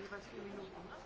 Υπότιτλοι AUTHORWAVE